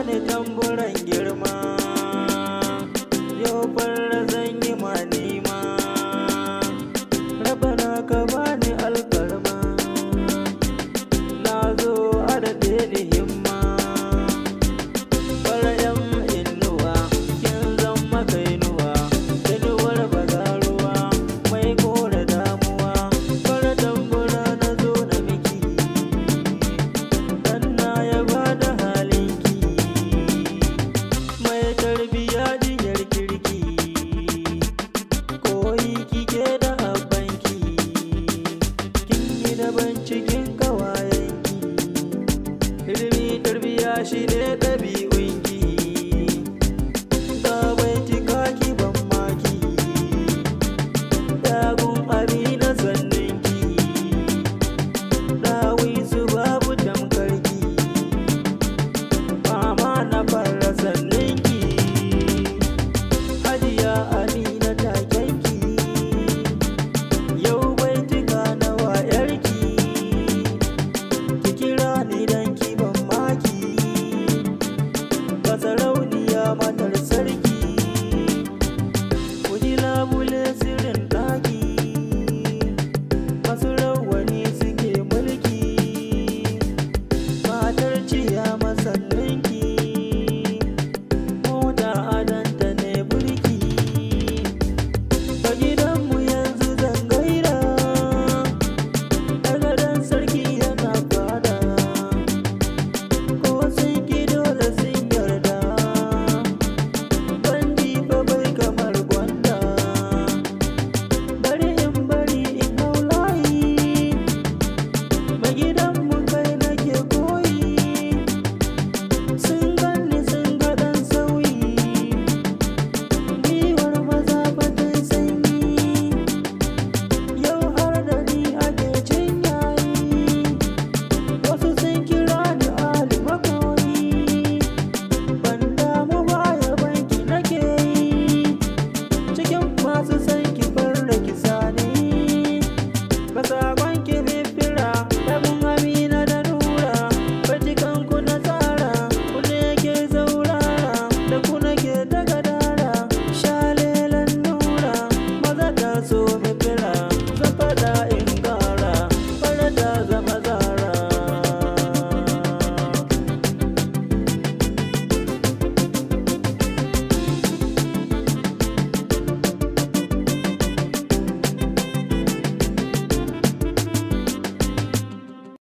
haɗa tamburan shi ne ɗabi'u